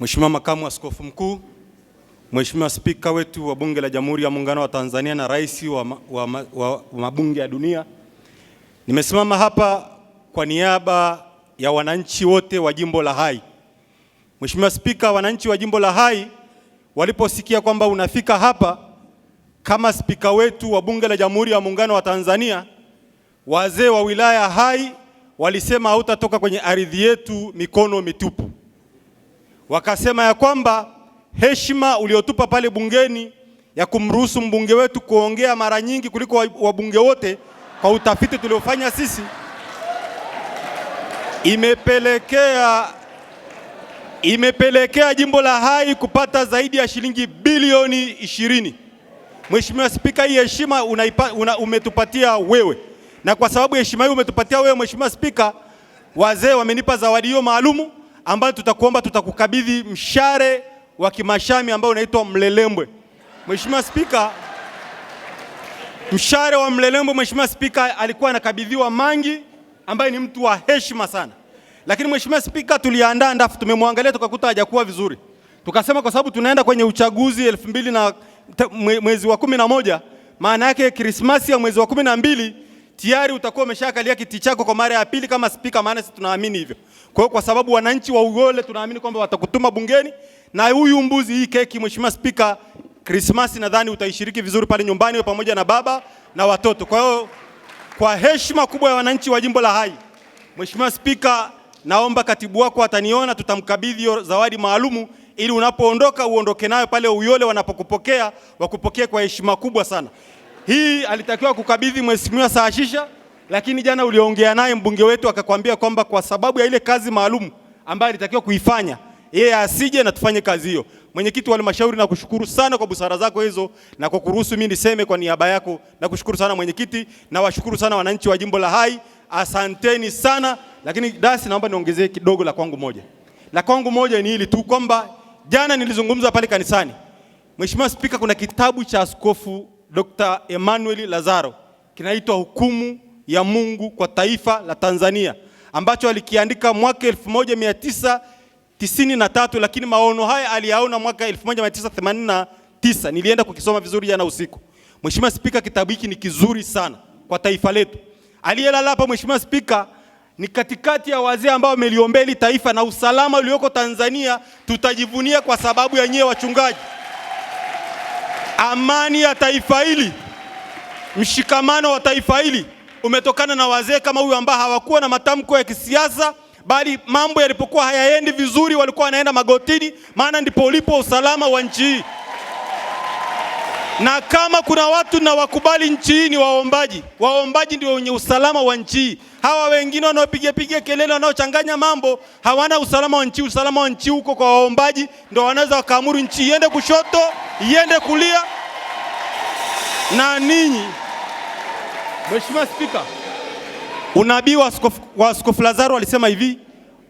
Mheshimiwa Makamu Askofu Mkuu, Mheshimiwa Spika wetu wa Bunge la Jamhuri ya Muungano wa Tanzania na Rais wa, wa, wa, wa mabunge ya dunia, nimesimama hapa kwa niaba ya wananchi wote wa Jimbo la Hai. Mheshimiwa Spika, wananchi wa Jimbo la Hai waliposikia kwamba unafika hapa kama spika wetu wa Bunge la Jamhuri ya Muungano wa Tanzania, wazee wa wilaya Hai walisema hautatoka kwenye ardhi yetu mikono mitupu wakasema ya kwamba heshima uliotupa pale bungeni ya kumruhusu mbunge wetu kuongea mara nyingi kuliko wabunge wote, kwa utafiti tuliofanya sisi, imepelekea imepelekea jimbo la Hai kupata zaidi ya shilingi bilioni ishirini. Mheshimiwa Spika, hii heshima una, umetupatia wewe, na kwa sababu heshima hii umetupatia wewe Mheshimiwa Spika, wazee wamenipa zawadi hiyo maalumu ambayo tutakuomba tutakukabidhi mshare wa kimashami ambao unaitwa Mlelembwe. Mheshimiwa Spika, mshare wa Mlelembwe, Mheshimiwa Spika, alikuwa anakabidhiwa Mangi ambaye ni mtu wa heshima sana, lakini Mheshimiwa Spika, tuliandaa ndafu, tumemwangalia tukakuta hajakuwa vizuri, tukasema kwa sababu tunaenda kwenye uchaguzi elfu mbili na mwezi wa kumi na moja, maana yake Krismasi ya mwezi wa kumi na mbili tayari utakuwa umeshakalia kiti chako kwa mara ya pili kama spika, maana sisi tunaamini hivyo. Kwa hiyo kwa sababu wananchi wa Uyole tunaamini kwamba watakutuma bungeni na huyu mbuzi, hii keki, Mheshimiwa Spika, Krismasi nadhani utaishiriki vizuri pale nyumbani wewe pamoja na baba na watoto. Kwa hiyo kwa heshima kubwa ya wananchi wa Jimbo la Hai, Mheshimiwa Spika, naomba katibu wako ataniona, tutamkabidhi hiyo zawadi maalumu ili unapoondoka uondoke nayo pale Uyole, wanapokupokea wakupokee kwa heshima kubwa sana. Hii alitakiwa kukabidhi Mheshimiwa Saashisha lakini jana uliongea naye mbunge wetu akakwambia kwamba kwa sababu ya ile kazi maalum ambayo alitakiwa kuifanya yeye asije na tufanye kazi hiyo. Mwenyekiti wa halmashauri, nakushukuru sana kwa busara zako hizo na kwa kuruhusu mimi niseme kwa niaba yako. Nakushukuru sana mwenyekiti, na washukuru sana wananchi wa jimbo la Hai, asanteni sana. Lakini dasi, naomba niongezee kidogo la kwangu moja, la kwangu moja ni hili tu kwamba jana nilizungumza pale kanisani, Mheshimiwa Spika, kuna kitabu cha Askofu Dr. Emmanuel Lazaro kinaitwa Hukumu ya Mungu kwa taifa la Tanzania ambacho alikiandika mwaka 1993 lakini maono haya aliyaona mwaka 1989. Nilienda kukisoma vizuri jana usiku. Mheshimiwa Spika, kitabu hiki ni kizuri sana kwa taifa letu. Aliyelala hapa Mheshimiwa Spika ni katikati ya wazee ambao wameliombea hili taifa na usalama ulioko Tanzania tutajivunia kwa sababu ya nyie wachungaji. Amani ya taifa hili, mshikamano wa taifa hili umetokana na wazee kama huyu ambao hawakuwa na matamko ya kisiasa, bali mambo yalipokuwa hayaendi vizuri walikuwa wanaenda magotini, maana ndipo ulipo usalama wa nchi hii. Na kama kuna watu na wakubali nchi hii ni waombaji. Waombaji ndio wenye usalama wa nchi hii. Hawa wengine wanaopiga piga kelele, wanaochanganya mambo hawana usalama wa nchi. Usalama wa nchi huko kwa waombaji, ndio wanaweza wakaamuru nchi iende kushoto, iende kulia. Na ninyi Mheshimiwa Spika, unabii wa Askofu Lazaro alisema hivi,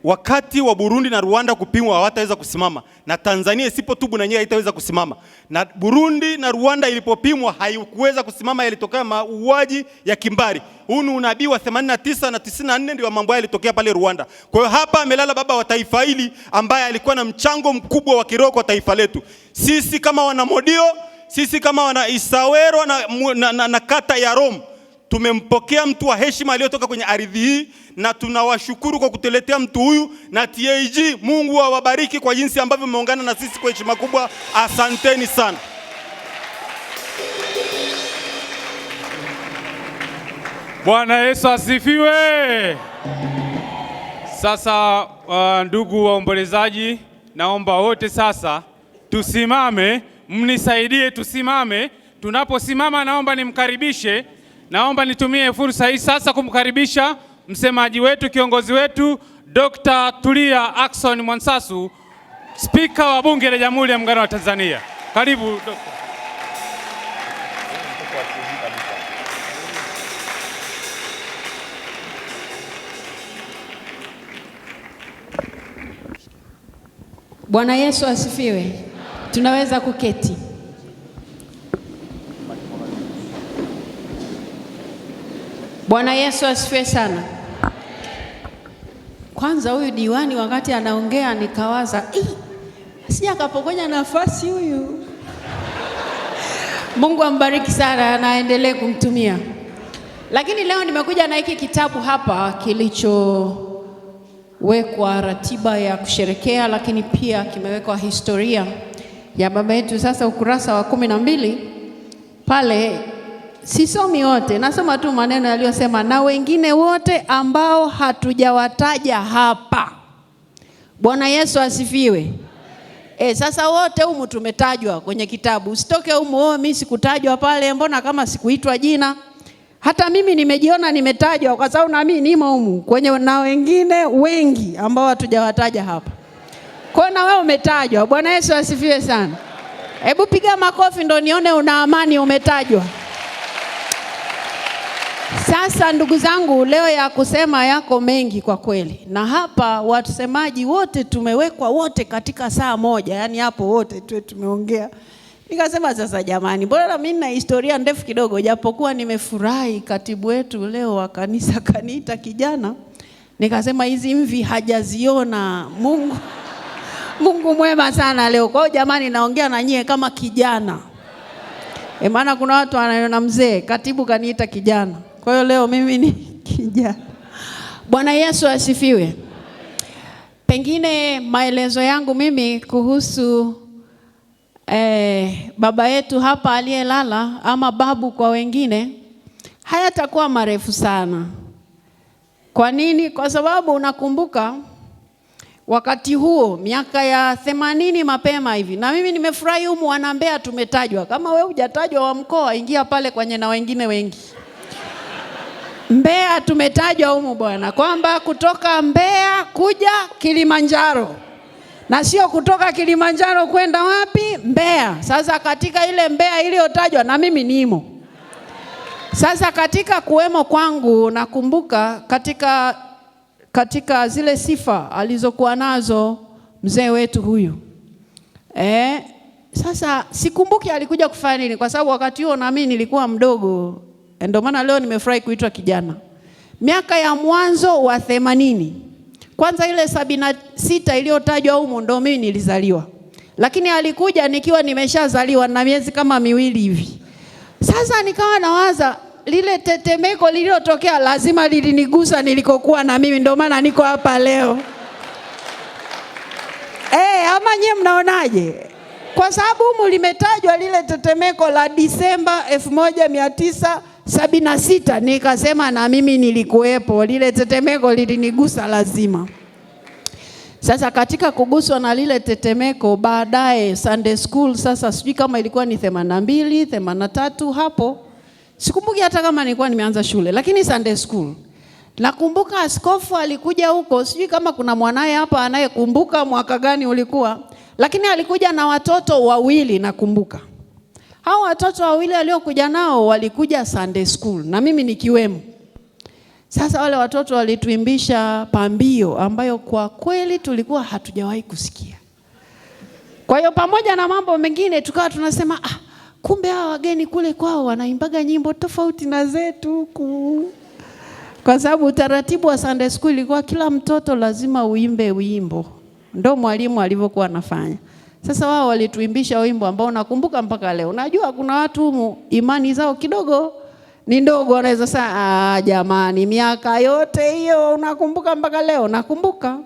wakati wa Burundi na Rwanda kupimwa hawataweza kusimama, na Tanzania isipotubu na yeye haitaweza kusimama. Na Burundi na Rwanda ilipopimwa haikuweza kusimama, yalitokea mauaji ya kimbari. Huu ni unabii wa 89 na 94, ndio mambo yalitokea pale Rwanda. Kwa hiyo hapa amelala baba wa taifa hili ambaye alikuwa na mchango mkubwa wa kiroho kwa taifa letu. Sisi kama wana Modio, sisi kama wana Isawero na, na, na, na kata ya Rome Tumempokea mtu wa heshima aliyotoka kwenye ardhi hii na tunawashukuru kwa kutuletea mtu huyu na TAG. Mungu awabariki wa kwa jinsi ambavyo mmeungana na sisi kwa heshima kubwa. Asanteni sana. Bwana Yesu asifiwe. Sasa uh, ndugu waombolezaji, naomba wote sasa tusimame, mnisaidie tusimame. Tunaposimama naomba nimkaribishe Naomba nitumie fursa hii sasa kumkaribisha msemaji wetu, kiongozi wetu Dr. Tulia Ackson Mwansasu, spika wa bunge la Jamhuri ya Muungano wa Tanzania. Karibu Bwana Yesu asifiwe. Tunaweza kuketi. Bwana Yesu asifiwe sana. Kwanza huyu diwani wakati anaongea nikawaza, sija akapokonya nafasi huyu. Mungu ambariki sana, anaendelee kumtumia. Lakini leo nimekuja na hiki kitabu hapa kilichowekwa ratiba ya kusherekea, lakini pia kimewekwa historia ya baba yetu. Sasa ukurasa wa kumi na mbili pale sisomi wote, nasoma tu maneno yaliyosema na wengine wote ambao hatujawataja hapa. Bwana Yesu asifiwe. E, sasa wote humu tumetajwa kwenye kitabu. Usitoke humu oh, mimi sikutajwa pale, mbona kama sikuitwa jina. Hata mimi nimejiona nimetajwa kwa sababu mimi nimo humu kwenye na wengine wengi ambao hatujawataja hapa. Kwa na wewe umetajwa. Bwana Yesu asifiwe sana. Hebu piga makofi ndo nione una amani umetajwa. Sasa ndugu zangu, leo ya kusema yako mengi kwa kweli, na hapa wasemaji wote tumewekwa wote katika saa moja, yaani hapo wote tuwe tumeongea. Nikasema sasa, jamani, mbona mimi na historia ndefu kidogo, japokuwa nimefurahi katibu wetu leo wa kanisa kaniita kijana, nikasema hizi mvi hajaziona Mungu. Mungu mwema sana leo. Kwa hiyo jamani, naongea na nyie kama kijana, e, maana kuna watu wanaona mzee, katibu kaniita kijana. Kwa hiyo leo mimi ni kijana. Bwana Yesu asifiwe. Pengine maelezo yangu mimi kuhusu eh, baba yetu hapa aliyelala ama babu kwa wengine hayatakuwa marefu sana. Kwa nini? Kwa sababu unakumbuka wakati huo miaka ya themanini mapema hivi, na mimi nimefurahi humu wanambea tumetajwa. Kama we hujatajwa wa mkoa, ingia pale kwenye na wengine wengi Mbeya tumetajwa humu bwana, kwamba kutoka Mbeya kuja Kilimanjaro na sio kutoka Kilimanjaro kwenda wapi? Mbeya. Sasa katika ile Mbeya iliyotajwa na mimi nimo. Sasa katika kuwemo kwangu, nakumbuka katika, katika zile sifa alizokuwa nazo mzee wetu huyu eh, sasa sikumbuki alikuja kufanya nini, kwa sababu wakati huo na mimi nilikuwa mdogo Eh, ndio maana leo nimefurahi kuitwa kijana. Miaka ya mwanzo wa themanini, kwanza ile sabini na sita iliyotajwa humu ndio mimi nilizaliwa, lakini alikuja nikiwa nimeshazaliwa na miezi kama miwili hivi. Sasa nikawa nawaza lile tetemeko lililotokea lazima lilinigusa nilikokuwa na mimi, ndio maana niko hapa leo. Hey, eh, ama nyie mnaonaje? Kwa sababu humu limetajwa lile tetemeko la Disemba elfu moja mia tisa sabini na sita nikasema na mimi nilikuwepo, lile tetemeko lilinigusa lazima. Sasa katika kuguswa na lile tetemeko, baadaye Sunday school, sasa sijui kama ilikuwa ni themanini na mbili themanini na tatu hapo sikumbuki hata kama nilikuwa nimeanza shule, lakini Sunday school nakumbuka askofu alikuja huko, sijui kama kuna mwanaye hapa anayekumbuka mwaka gani ulikuwa, lakini alikuja na watoto wawili nakumbuka hao watoto wawili waliokuja nao walikuja Sunday school na mimi nikiwemo. Sasa wale watoto walituimbisha pambio ambayo kwa kweli tulikuwa hatujawahi kusikia. Kwa hiyo pamoja na mambo mengine tukawa tunasema ah, kumbe hawa wageni kule kwao wanaimbaga nyimbo tofauti na zetu huku, kwa sababu utaratibu wa Sunday school ilikuwa kila mtoto lazima uimbe wimbo, ndo mwalimu alivyokuwa anafanya. Sasa wao walituimbisha wimbo ambao nakumbuka mpaka leo. Najua kuna watu humu imani zao kidogo ni ndogo, wanaweza saa, ah, jamani, miaka yote hiyo unakumbuka mpaka leo? Nakumbuka.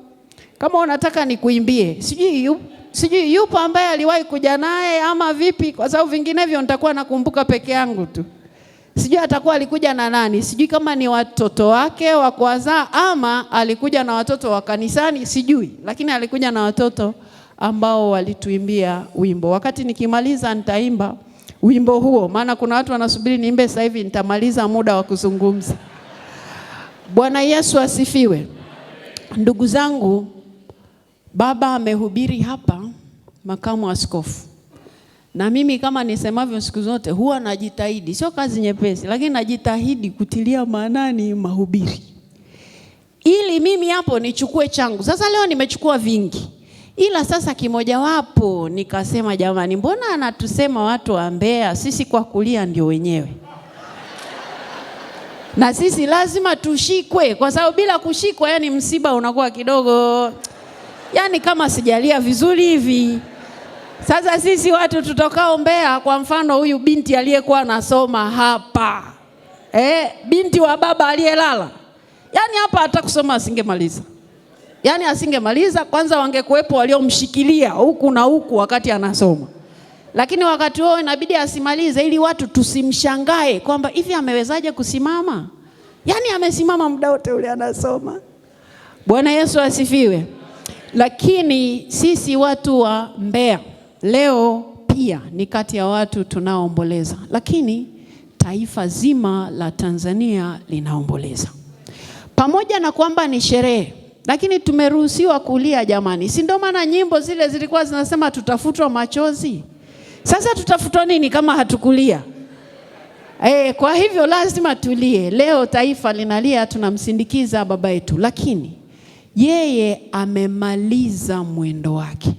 Kama unataka nikuimbie, sijui yupo, sijui yupo ambaye aliwahi kuja naye ama vipi, kwa sababu vinginevyo nitakuwa nakumbuka peke yangu tu. Sijui atakuwa alikuja na nani, sijui kama ni watoto wake wa kuwazaa ama alikuja na watoto wa kanisani, sijui, lakini alikuja na watoto ambao walituimbia wimbo. Wakati nikimaliza nitaimba wimbo huo, maana kuna watu wanasubiri niimbe sasa hivi, nitamaliza muda wa kuzungumza. Bwana Yesu asifiwe. Ndugu zangu, baba amehubiri hapa, makamu askofu na mimi kama nisemavyo siku zote huwa najitahidi, sio kazi nyepesi, lakini najitahidi kutilia maanani mahubiri ili mimi hapo nichukue changu. Sasa leo nimechukua vingi, ila sasa kimojawapo nikasema, jamani, mbona anatusema watu wa Mbeya? Sisi kwa kulia ndio wenyewe na sisi lazima tushikwe, kwa sababu bila kushikwa, yani msiba unakuwa kidogo, yani kama sijalia vizuri hivi. Sasa sisi watu tutokao Mbeya, kwa mfano huyu binti aliyekuwa anasoma hapa eh, binti wa baba aliyelala, yani hapa hata kusoma asingemaliza yaani asingemaliza. Kwanza wangekuwepo waliomshikilia huku na huku wakati anasoma, lakini wakati huo inabidi asimalize, ili watu tusimshangae kwamba hivi amewezaje kusimama. Yaani amesimama muda wote ule anasoma. Bwana Yesu asifiwe. Lakini sisi watu wa Mbeya leo pia ni kati ya watu tunaoomboleza, lakini taifa zima la Tanzania linaomboleza pamoja na kwamba ni sherehe lakini tumeruhusiwa kulia jamani, si ndio? Maana nyimbo zile zilikuwa zinasema tutafutwa machozi. Sasa tutafutwa nini kama hatukulia? E, kwa hivyo lazima tulie. Leo taifa linalia, tunamsindikiza baba yetu, lakini yeye amemaliza mwendo wake.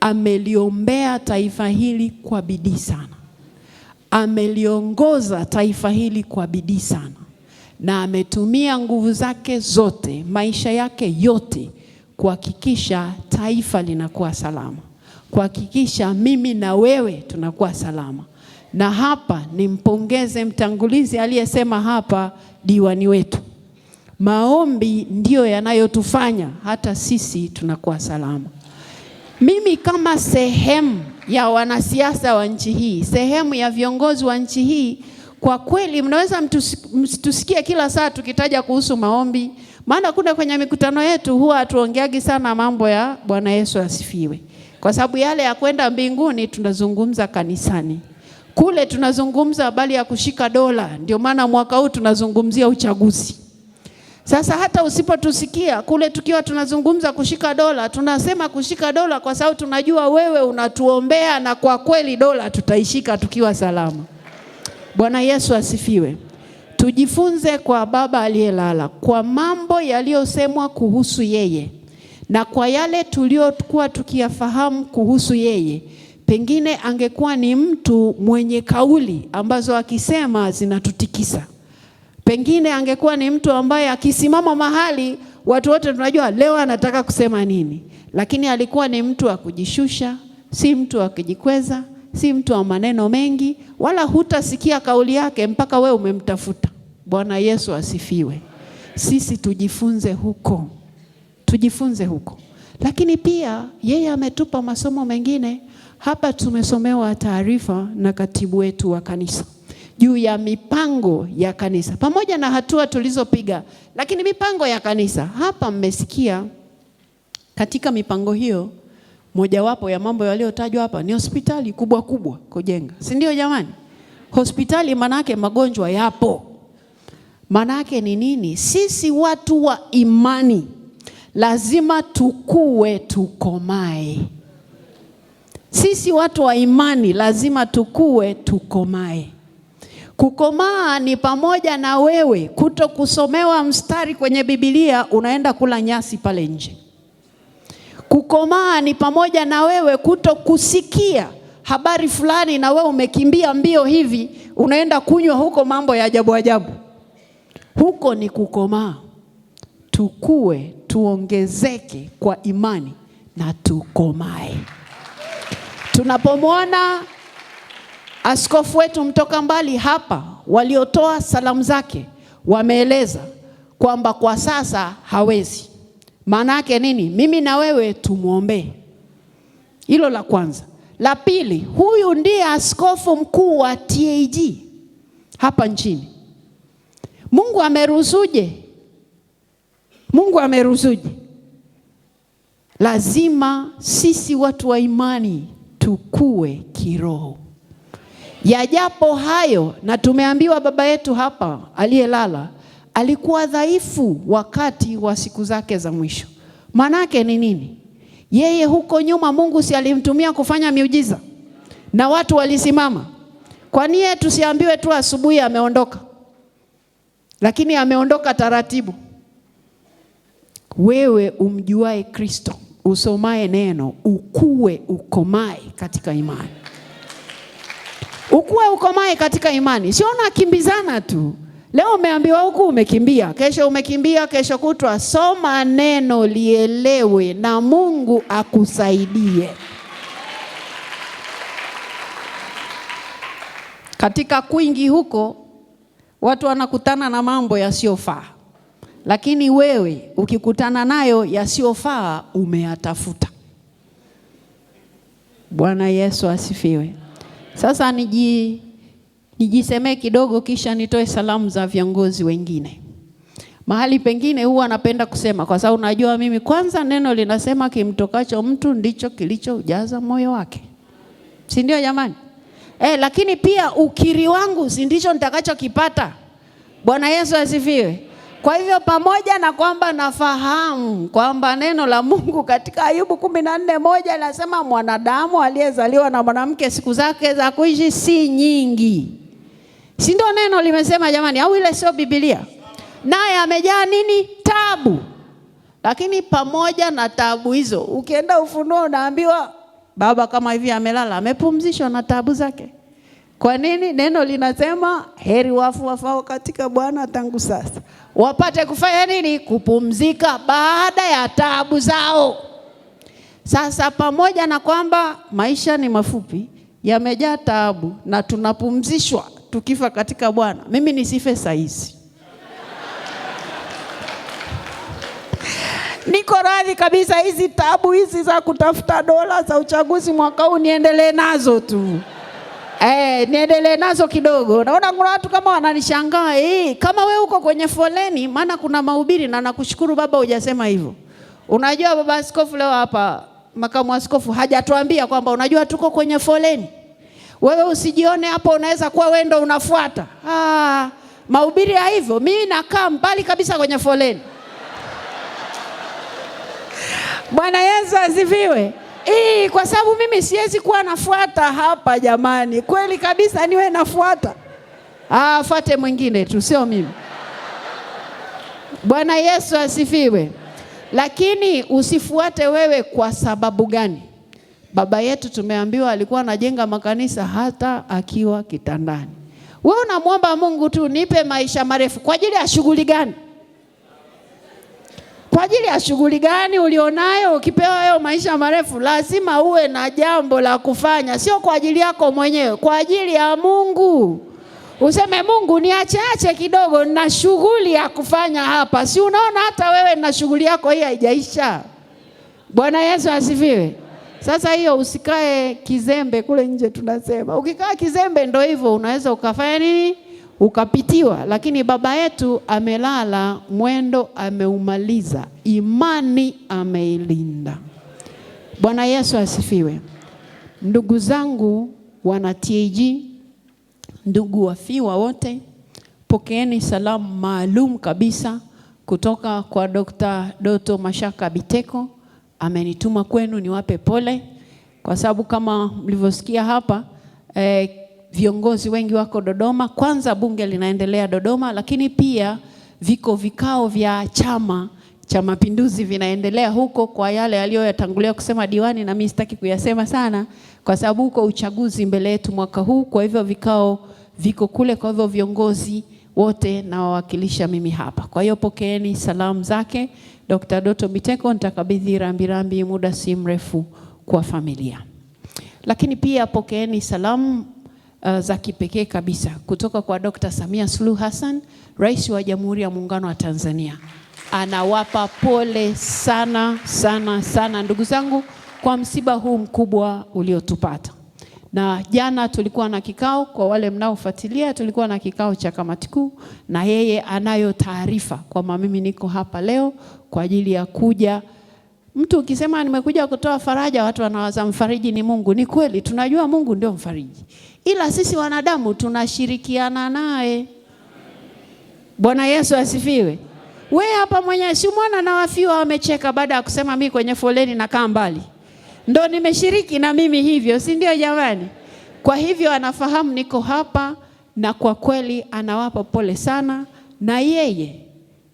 Ameliombea taifa hili kwa bidii sana, ameliongoza taifa hili kwa bidii sana na ametumia nguvu zake zote, maisha yake yote kuhakikisha taifa linakuwa salama, kuhakikisha mimi na wewe tunakuwa salama. Na hapa nimpongeze mtangulizi aliyesema hapa, diwani wetu, maombi ndiyo yanayotufanya hata sisi tunakuwa salama. Mimi kama sehemu ya wanasiasa wa nchi hii, sehemu ya viongozi wa nchi hii kwa kweli mnaweza mtusikie kila saa tukitaja kuhusu maombi, maana kuna kwenye mikutano yetu huwa hatuongeagi sana mambo ya Bwana Yesu asifiwe, kwa sababu yale ya kwenda mbinguni tunazungumza kanisani kule tunazungumza habari ya kushika dola. Ndio maana mwaka huu tunazungumzia uchaguzi. Sasa hata usipotusikia kule tukiwa tunazungumza kushika dola, tunasema kushika dola kwa sababu tunajua wewe unatuombea, na kwa kweli dola tutaishika tukiwa salama. Bwana Yesu asifiwe. Tujifunze kwa baba aliyelala, kwa mambo yaliyosemwa kuhusu yeye na kwa yale tuliyokuwa tukiyafahamu kuhusu yeye. Pengine angekuwa ni mtu mwenye kauli ambazo akisema zinatutikisa. Pengine angekuwa ni mtu ambaye akisimama mahali watu wote tunajua leo anataka kusema nini, lakini alikuwa ni mtu wa kujishusha, si mtu wa kujikweza si mtu wa maneno mengi, wala hutasikia kauli yake mpaka we umemtafuta. Bwana Yesu asifiwe. Sisi tujifunze huko, tujifunze huko. Lakini pia yeye ametupa masomo mengine hapa. Tumesomewa taarifa na katibu wetu wa kanisa juu ya mipango ya kanisa pamoja na hatua tulizopiga, lakini mipango ya kanisa hapa mmesikia katika mipango hiyo mojawapo ya mambo yaliyotajwa hapa ni hospitali kubwa kubwa kujenga, si ndio jamani? Hospitali manake magonjwa yapo. Manake ni nini? Sisi watu wa imani lazima tukue, tukomae. Sisi watu wa imani lazima tukue, tukomae. Kukomaa ni pamoja na wewe kuto kusomewa mstari kwenye Biblia, unaenda kula nyasi pale nje Kukomaa ni pamoja na wewe kuto kusikia habari fulani na wewe umekimbia mbio hivi unaenda kunywa huko mambo ya ajabu ajabu. Huko ni kukomaa. Tukue, tuongezeke kwa imani na tukomae. Tunapomwona askofu wetu mtoka mbali hapa, waliotoa salamu zake wameeleza kwamba kwa sasa hawezi maana yake nini? Mimi na wewe tumwombee. Hilo la kwanza. La pili, huyu ndiye askofu mkuu wa TAG hapa nchini. Mungu ameruhusuje? Mungu ameruhusuje? Lazima sisi watu wa imani tukue kiroho. Yajapo hayo, na tumeambiwa baba yetu hapa aliyelala alikuwa dhaifu wakati wa siku zake za mwisho. Manake ni nini? Yeye huko nyuma Mungu si alimtumia kufanya miujiza na watu walisimama. Kwa nini tusiambiwe tu asubuhi ameondoka? Lakini ameondoka taratibu. Wewe umjuae Kristo, usomae neno, ukue ukomae katika imani, ukue ukomae katika imani, sio nakimbizana tu. Leo umeambiwa huku umekimbia, kesho umekimbia, kesho kutwa. Soma neno lielewe, na Mungu akusaidie. Katika kwingi huko, watu wanakutana na mambo yasiyofaa, lakini wewe ukikutana nayo yasiyofaa, umeyatafuta. Bwana Yesu asifiwe. Sasa niji nijisemee kidogo, kisha nitoe salamu za viongozi wengine. Mahali pengine huwa napenda kusema, kwa sababu najua mimi kwanza, neno linasema kimtokacho mtu ndicho kilichojaza moyo wake, si ndio jamani? Eh, lakini pia ukiri wangu si ndicho nitakachokipata. Bwana Yesu asifiwe. Kwa hivyo pamoja na kwamba nafahamu kwamba neno la Mungu katika Ayubu kumi na nne moja linasema mwanadamu aliyezaliwa na mwanamke siku zake za kuishi si nyingi, Si ndio neno limesema jamani, au ile sio Biblia? Naye amejaa nini? Tabu. Lakini pamoja na tabu hizo, ukienda Ufunuo unaambiwa baba kama hivi amelala, amepumzishwa na tabu zake. Kwa nini? Neno linasema heri wafu wafao katika Bwana tangu sasa wapate kufanya nini? Kupumzika baada ya tabu zao. Sasa pamoja na kwamba maisha ni mafupi, yamejaa tabu na tunapumzishwa tukifa katika Bwana, mimi nisife saizi. niko radhi kabisa, hizi tabu hizi za kutafuta dola za uchaguzi mwaka huu niendelee nazo tu. Eh, niendelee nazo kidogo. Naona kuna watu kama wananishangaa eh, kama we uko kwenye foleni, maana kuna mahubiri, na nakushukuru baba hujasema hivyo. Unajua baba askofu leo hapa, makamu askofu hajatuambia kwamba unajua tuko kwenye foleni. Wewe usijione hapo unaweza kuwa wewe ndo unafuata. Ah, mahubiri ya hivyo, mimi nakaa mbali kabisa kwenye foleni. Bwana Yesu asifiwe. Ii, kwa sababu mimi siwezi kuwa nafuata hapa jamani, kweli kabisa, niwe nafuata afate ah, mwingine tu, sio mimi. Bwana Yesu asifiwe. Lakini usifuate wewe, kwa sababu gani? Baba yetu tumeambiwa alikuwa anajenga makanisa hata akiwa kitandani. Wewe unamwomba Mungu tu nipe maisha marefu kwa ajili ya shughuli gani? Kwa ajili ya shughuli gani ulionayo? Ukipewa hayo maisha marefu, lazima uwe na jambo la kufanya, sio kwa ajili yako mwenyewe, kwa ajili ya Mungu. Useme Mungu, niacheache kidogo, na shughuli ya kufanya hapa. Si unaona hata wewe na shughuli yako hii haijaisha? Bwana Yesu asifiwe. Sasa hiyo usikae kizembe kule nje tunasema. Ukikaa kizembe ndo hivyo unaweza ukafanya nini? Ukapitiwa. Lakini baba yetu amelala, mwendo ameumaliza, imani ameilinda. Bwana Yesu asifiwe. Ndugu zangu wana TAG, ndugu wafiwa wote, pokeeni salamu maalum kabisa kutoka kwa Dr. Doto Mashaka Biteko amenituma kwenu niwape pole, kwa sababu kama mlivyosikia hapa eh, viongozi wengi wako Dodoma. Kwanza bunge linaendelea Dodoma, lakini pia viko vikao vya Chama cha Mapinduzi vinaendelea huko, kwa yale aliyoyatangulia kusema diwani, na mimi sitaki kuyasema sana, kwa sababu huko uchaguzi mbele yetu mwaka huu. Kwa hivyo vikao viko kule, kwa hivyo viongozi wote nawawakilisha mimi hapa. Kwa hiyo pokeeni salamu zake. Dr. Doto Biteko nitakabidhi rambirambi muda si mrefu kwa familia. Lakini pia pokeeni salamu uh, za kipekee kabisa kutoka kwa Dr. Samia Suluhu Hassan, Rais wa Jamhuri ya Muungano wa Tanzania. Anawapa pole sana sana sana ndugu zangu kwa msiba huu mkubwa uliotupata na jana tulikuwa na kikao, kwa wale mnaofuatilia, tulikuwa na kikao cha kamati kuu, na yeye anayo taarifa kwamba mimi niko hapa leo kwa ajili ya kuja. Mtu ukisema nimekuja kutoa faraja, watu wanawaza mfariji ni Mungu. Ni kweli, tunajua Mungu ndio mfariji, ila sisi wanadamu tunashirikiana naye. Bwana Yesu asifiwe. We hapa mwenyewe si mwana na wafiwa wamecheka, baada ya kusema mi kwenye foleni nakaa mbali ndo nimeshiriki na mimi hivyo, si ndio jamani? Kwa hivyo anafahamu niko hapa, na kwa kweli anawapa pole sana, na yeye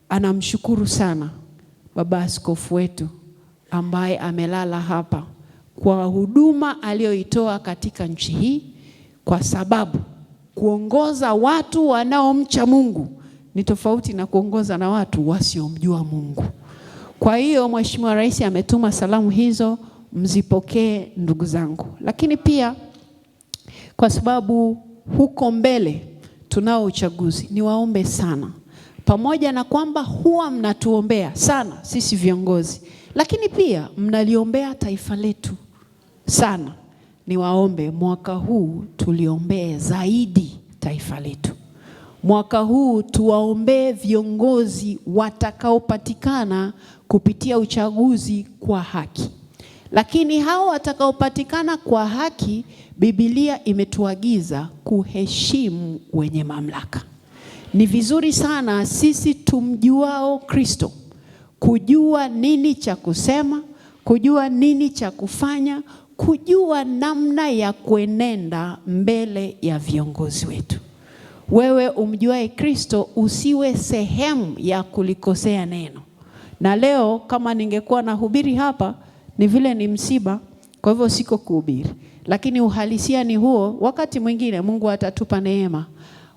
anamshukuru sana baba askofu wetu ambaye amelala hapa kwa huduma aliyoitoa katika nchi hii, kwa sababu kuongoza watu wanaomcha Mungu ni tofauti na kuongoza na watu wasiomjua Mungu. Kwa hiyo Mheshimiwa Rais ametuma salamu hizo mzipokee ndugu zangu, lakini pia kwa sababu huko mbele tunao uchaguzi, niwaombe sana, pamoja na kwamba huwa mnatuombea sana sisi viongozi, lakini pia mnaliombea taifa letu sana. Niwaombe mwaka huu tuliombee zaidi taifa letu. Mwaka huu tuwaombee viongozi watakaopatikana kupitia uchaguzi kwa haki. Lakini hao watakaopatikana kwa haki, Biblia imetuagiza kuheshimu wenye mamlaka. Ni vizuri sana sisi tumjuao Kristo kujua nini cha kusema, kujua nini cha kufanya, kujua namna ya kuenenda mbele ya viongozi wetu. Wewe umjuae Kristo usiwe sehemu ya kulikosea neno. Na leo kama ningekuwa nahubiri hapa ni vile ni msiba, kwa hivyo siko kuhubiri, lakini uhalisia ni huo. Wakati mwingine Mungu atatupa neema.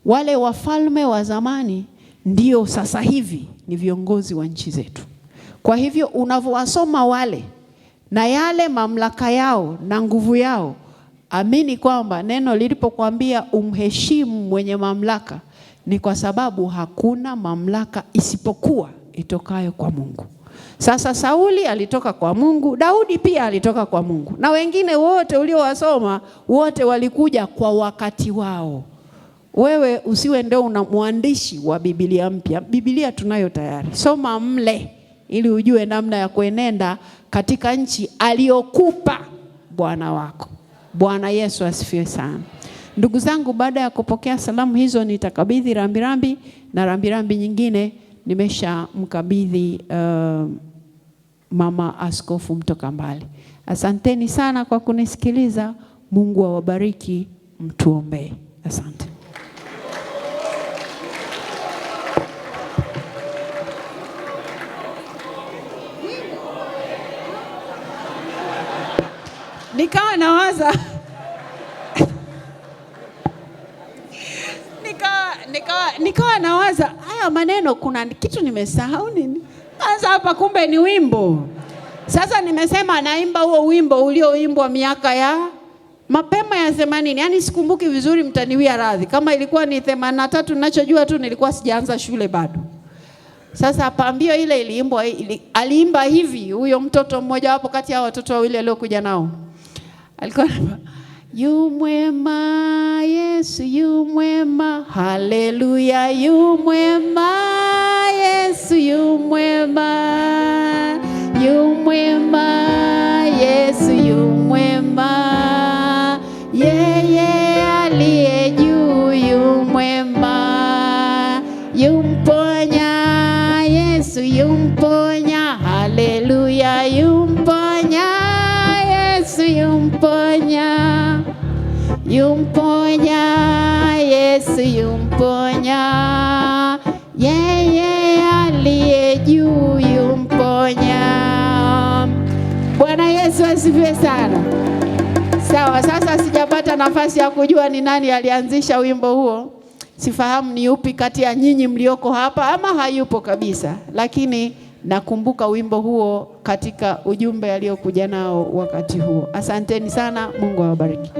Wale wafalme wa zamani ndio sasa hivi ni viongozi wa nchi zetu. Kwa hivyo unavyowasoma wale na yale mamlaka yao na nguvu yao, amini kwamba neno lilipokuambia umheshimu mwenye mamlaka, ni kwa sababu hakuna mamlaka isipokuwa itokayo kwa Mungu. Sasa Sauli alitoka kwa Mungu, Daudi pia alitoka kwa Mungu, na wengine wote uliowasoma wote walikuja kwa wakati wao. Wewe usiwe ndio una mwandishi wa Biblia mpya. Biblia tunayo tayari, soma mle ili ujue namna ya kuenenda katika nchi aliyokupa Bwana wako. Bwana Yesu asifiwe sana. Ndugu zangu, baada ya kupokea salamu hizo, nitakabidhi rambirambi na rambirambi nyingine nimeshamkabidhi uh, mama askofu mtoka mbali. Asanteni sana kwa kunisikiliza. Mungu awabariki, mtuombee. Asante. Nikawa nawaza nikawa, nikawa, nikawa nawaza haya maneno, kuna kitu nimesahau nini? Sasa hapa kumbe ni wimbo. Sasa nimesema naimba huo wimbo ulioimbwa miaka ya mapema ya themanini, yaani sikumbuki vizuri, mtaniwia radhi kama ilikuwa ni themanini na tatu. Ninachojua tu nilikuwa sijaanza shule bado. Sasa pambio ile iliimbwa ili, aliimba hivi huyo mtoto mmoja wapo kati ya watoto wawili aliokuja nao alikuwa Yu mwema, Yesu yu mwema, haleluya. Yu mwema, Yesu yu mwema, yu mwema asifiwe sana. Sawa, sasa sijapata nafasi ya kujua ni nani alianzisha wimbo huo. Sifahamu ni upi kati ya nyinyi mlioko hapa ama hayupo kabisa, lakini nakumbuka wimbo huo katika ujumbe aliyokuja nao wakati huo. Asanteni sana, Mungu awabariki.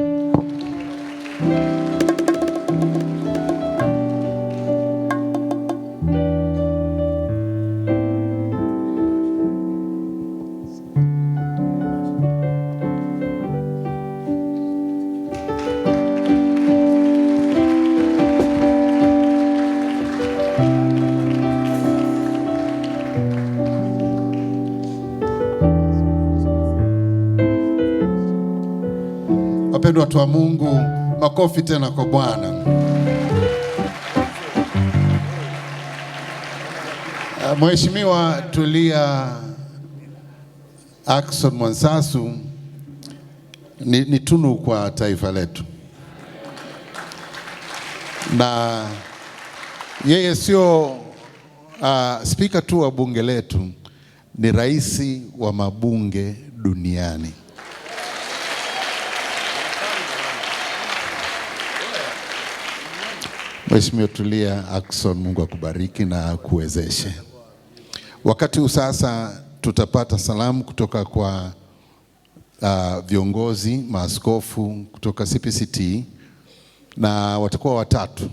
Wapendwa watu wa Mungu, makofi tena kwa Bwana. Ah, Mheshimiwa Tulia Ackson Mwansasu ni, ni tunu kwa taifa letu, na yeye sio uh, spika tu wa bunge letu, ni rais wa mabunge duniani. Mheshimiwa Tulia Ackson, Mungu akubariki na kuwezeshe. Wakati huu sasa tutapata salamu kutoka kwa uh, viongozi maaskofu kutoka CPCT na watakuwa watatu.